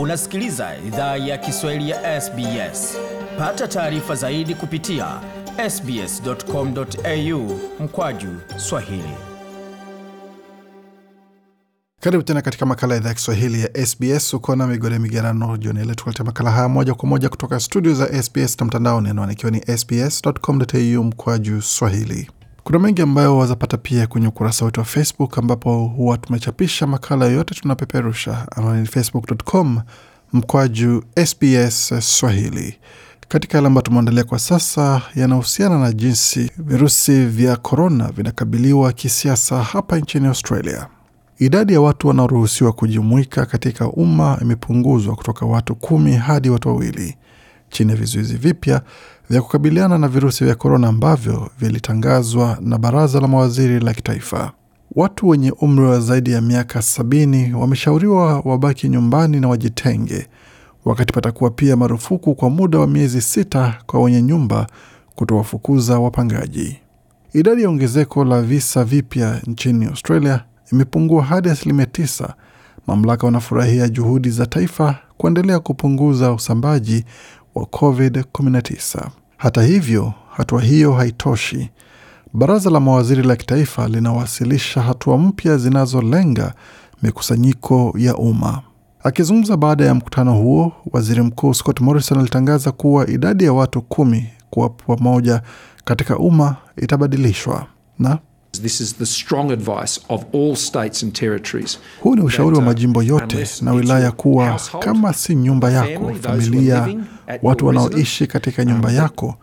Unasikiliza idhaa ya Kiswahili ya SBS. Pata taarifa zaidi kupitia sbs.com.au mkwaju swahili. Karibu tena katika makala ya idhaa ya Kiswahili ya SBS. Uko na migode migerano jioni leo, tukuletea makala haya moja kwa moja kutoka studio za SBS na mtandaoni, anwani ni sbs.com.au mkwaju swahili. Kuna mengi ambayo wazapata pia kwenye ukurasa wetu wa Facebook ambapo huwa tumechapisha makala yoyote tunapeperusha, ama ni facebook.com mkwaju SBS Swahili. Katika yale ambayo tumeandalia kwa sasa yanahusiana na jinsi virusi vya korona vinakabiliwa kisiasa hapa nchini Australia. Idadi ya watu wanaoruhusiwa kujumuika katika umma imepunguzwa kutoka watu kumi hadi watu wawili chini ya vizuizi vipya vya kukabiliana na virusi vya korona ambavyo vilitangazwa na baraza la mawaziri la kitaifa. Watu wenye umri wa zaidi ya miaka sabini wameshauriwa wabaki nyumbani na wajitenge, wakati patakuwa pia marufuku kwa muda wa miezi sita kwa wenye nyumba kutowafukuza wapangaji. Idadi ya ongezeko la visa vipya nchini Australia imepungua hadi asilimia tisa. Mamlaka wanafurahia juhudi za taifa kuendelea kupunguza usambaji wa COVID-19. Hata hivyo, hatua hiyo haitoshi. Baraza la mawaziri la kitaifa linawasilisha hatua mpya zinazolenga mikusanyiko ya umma. Akizungumza baada ya mkutano huo, waziri mkuu Scott Morrison alitangaza kuwa idadi ya watu kumi kuwa pamoja katika umma itabadilishwa na huu ni ushauri wa uh, majimbo yote na wilaya kuwa kama si nyumba yako, familia, watu wanaoishi katika nyumba um, yako,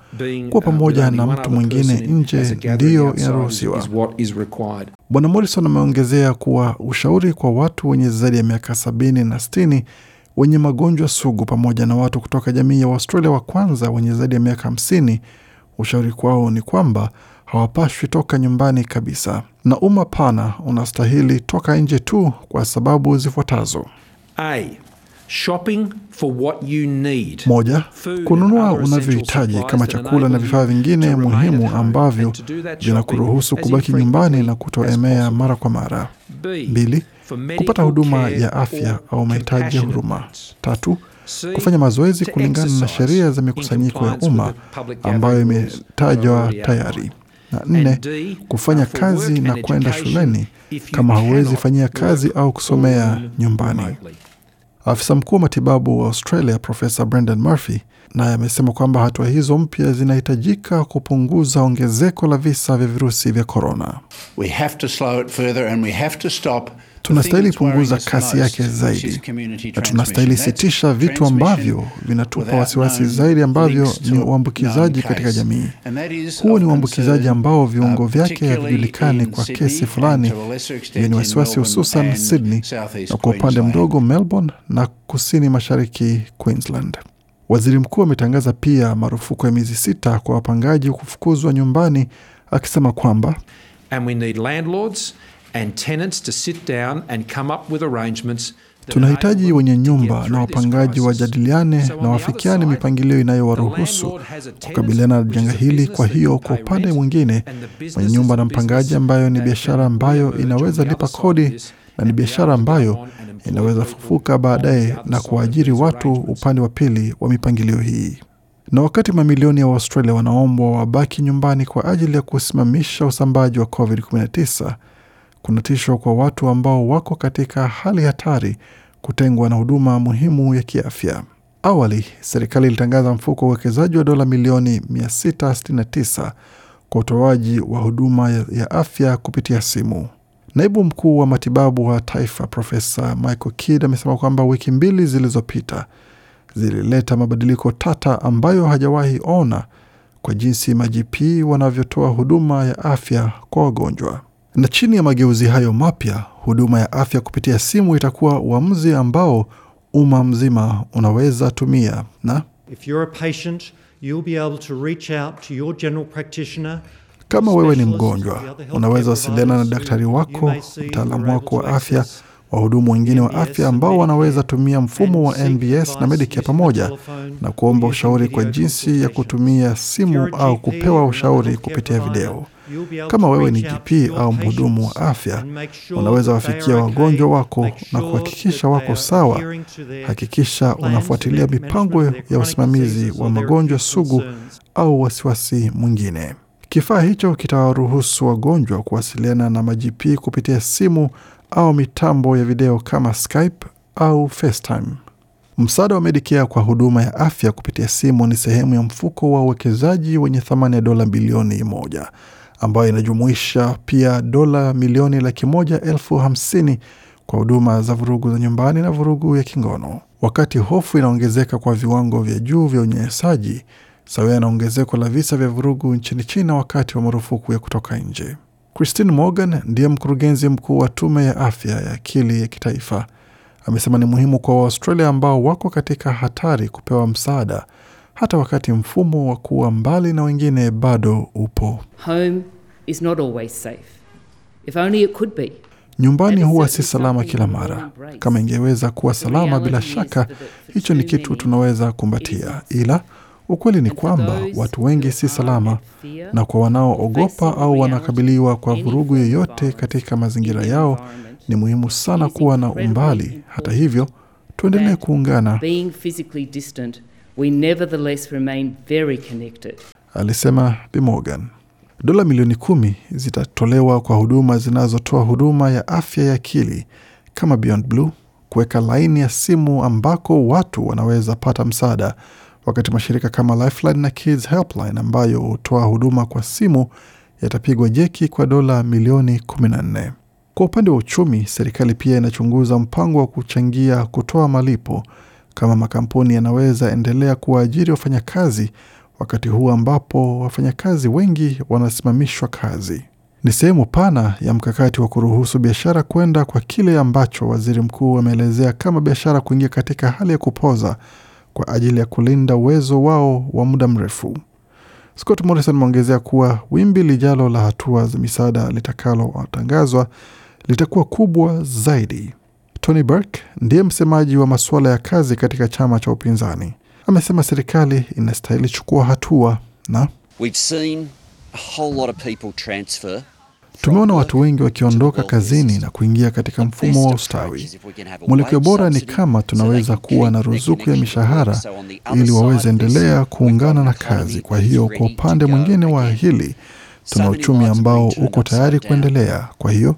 kuwa uh, pamoja na mtu mwingine nje ndiyo inaruhusiwa. Bwana Morrison ameongezea kuwa ushauri kwa watu wenye zaidi ya miaka sabini na sitini wenye magonjwa sugu pamoja na watu kutoka jamii ya Waustralia wa kwanza wenye zaidi ya miaka hamsini, ushauri kwao ni kwamba hawapashwi toka nyumbani kabisa, na umma pana unastahili toka nje tu kwa sababu zifuatazo: Shopping for what you need. Moja, kununua unavyohitaji kama chakula na vifaa vingine muhimu ambavyo vinakuruhusu kubaki nyumbani na kutoemea mara kwa mara. Mbili, kupata huduma ya afya au mahitaji ya huruma. Tatu, kufanya mazoezi kulingana na sheria za mikusanyiko ya umma ambayo imetajwa tayari na nne, kufanya kazi na kwenda shuleni kama hauwezi fanyia kazi au kusomea nyumbani. Afisa mkuu wa matibabu wa Australia Profesa Brendan Murphy naye amesema kwamba hatua hizo mpya zinahitajika kupunguza ongezeko la visa vya virusi vya korona. Tunastahili punguza kasi yake zaidi, na tunastahili sitisha vitu ambavyo vinatupa wasiwasi zaidi, ambavyo ni uambukizaji katika jamii. huu ni uambukizaji ambao uh, viungo vyake havijulikani kwa kesi fulani yenye wasiwasi, hususan Sydney na kwa upande mdogo Melbourne na kusini mashariki Queensland. Waziri mkuu ametangaza pia marufuku ya miezi sita kwa wapangaji kufukuzwa nyumbani, akisema kwamba And we need landlords Tunahitaji wenye nyumba na wapangaji wajadiliane na wafikiane mipangilio inayowaruhusu kukabiliana na janga hili. Kwa hiyo, kwa upande mwingine, mwenye nyumba na mpangaji, ambayo ni biashara ambayo inaweza lipa kodi na ni biashara ambayo inaweza fufuka baadaye na kuwaajiri watu, upande wa pili wa mipangilio hii. Na wakati mamilioni ya Waustralia wanaombwa wabaki nyumbani kwa ajili ya kusimamisha usambaji wa COVID-19 kuna tisho kwa watu ambao wako katika hali hatari kutengwa na huduma muhimu ya kiafya. Awali, serikali ilitangaza mfuko wa uwekezaji wa dola milioni 669 kwa utoaji wa huduma ya afya kupitia simu. Naibu mkuu wa matibabu wa taifa Profesa Michael Kidd amesema kwamba wiki mbili zilizopita zilileta mabadiliko tata ambayo hajawahi ona kwa jinsi ma wanavyotoa huduma ya afya kwa wagonjwa. Na chini ya mageuzi hayo mapya, huduma ya afya kupitia simu itakuwa uamuzi ambao umma mzima unaweza tumia na kama wewe ni mgonjwa, unaweza wasiliana na daktari wako, mtaalamu wako wa afya, wahudumu wengine wa afya ambao wanaweza tumia mfumo wa NBS na Medicare pamoja na kuomba ushauri kwa jinsi ya kutumia simu au kupewa ushauri kupitia video. Kama wewe ni GP au mhudumu wa afya, unaweza wafikia wagonjwa wako na kuhakikisha wako sawa. Hakikisha unafuatilia mipango ya usimamizi wa magonjwa sugu au wasiwasi mwingine. Kifaa hicho kitawaruhusu wagonjwa kuwasiliana na majp kupitia simu au mitambo ya video kama Skype au FaceTime. Msaada wa Medicare kwa huduma ya afya kupitia simu ni sehemu ya mfuko wa uwekezaji wenye thamani ya dola bilioni moja ambayo inajumuisha pia dola milioni laki moja elfu hamsini kwa huduma za vurugu za nyumbani na vurugu ya kingono. Wakati hofu inaongezeka kwa viwango vya juu vya unyanyasaji sawia na ongezeko la visa vya vurugu nchini China wakati wa marufuku ya kutoka nje. Christine Morgan ndiye mkurugenzi mkuu wa tume ya afya ya akili ya kitaifa, amesema ni muhimu kwa Waaustralia ambao wako katika hatari kupewa msaada hata wakati mfumo wa kuwa mbali na wengine bado upo. Home is not always safe. If only it could be. Nyumbani huwa si salama kila mara. Kama ingeweza kuwa salama, bila shaka hicho ni kitu tunaweza kumbatia, ila ukweli ni kwamba watu wengi si salama, na kwa wanaoogopa au wanakabiliwa kwa vurugu yoyote katika mazingira yao, ni muhimu sana kuwa na umbali. Hata hivyo, tuendelee kuungana we nevertheless remain very connected. Alisema Bi Morgan. Dola milioni kumi zitatolewa kwa huduma zinazotoa huduma ya afya ya akili kama Beyond Blue, kuweka laini ya simu ambako watu wanaweza pata msaada, wakati mashirika kama Lifeline na Kids Helpline ambayo hutoa huduma kwa simu yatapigwa jeki kwa dola milioni 14. Kwa upande wa uchumi, serikali pia inachunguza mpango wa kuchangia kutoa malipo kama makampuni yanaweza endelea kuwaajiri wafanyakazi wakati huu ambapo wafanyakazi wengi wanasimamishwa kazi. Ni sehemu pana ya mkakati wa kuruhusu biashara kwenda kwa kile ambacho waziri mkuu ameelezea kama biashara kuingia katika hali ya kupoza kwa ajili ya kulinda uwezo wao wa muda mrefu. Scott Morrison ameongezea kuwa wimbi lijalo la hatua za misaada litakalotangazwa litakuwa kubwa zaidi. Tony Burke ndiye msemaji wa masuala ya kazi katika chama cha upinzani, amesema serikali inastahili chukua hatua na tumeona watu wengi wakiondoka kazini na kuingia katika mfumo wa ustawi. Mwelekeo bora ni kama tunaweza kuwa na ruzuku ya mishahara ili waweze endelea kuungana na kazi. Kwa hiyo, kwa upande mwingine wa hili tuna uchumi ambao uko tayari kuendelea. Kwa hiyo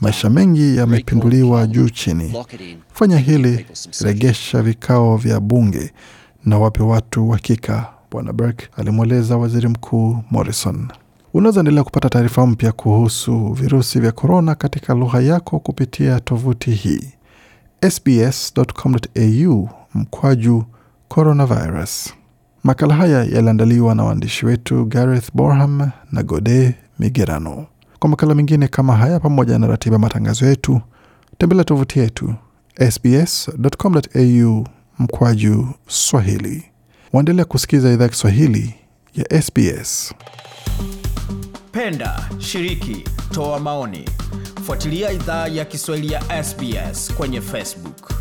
maisha mengi yamepinduliwa juu chini. Fanya hili, regesha vikao vya bunge na wape watu uhakika, Bwana Burke alimweleza waziri mkuu Morrison. Unaweza endelea kupata taarifa mpya kuhusu virusi vya korona katika lugha yako kupitia tovuti hii sbs.com.au mkwaju coronavirus. Makala haya yaliandaliwa na waandishi wetu Gareth Borham na Gode Migerano. Kwa makala mengine kama haya, pamoja na ratiba matangazo yetu, tembelea tovuti yetu sbs.com.au mkwaju Swahili. Waendelea kusikiliza idhaa Kiswahili ya SBS. Penda, shiriki, toa maoni, fuatilia idhaa ya Kiswahili ya SBS kwenye Facebook.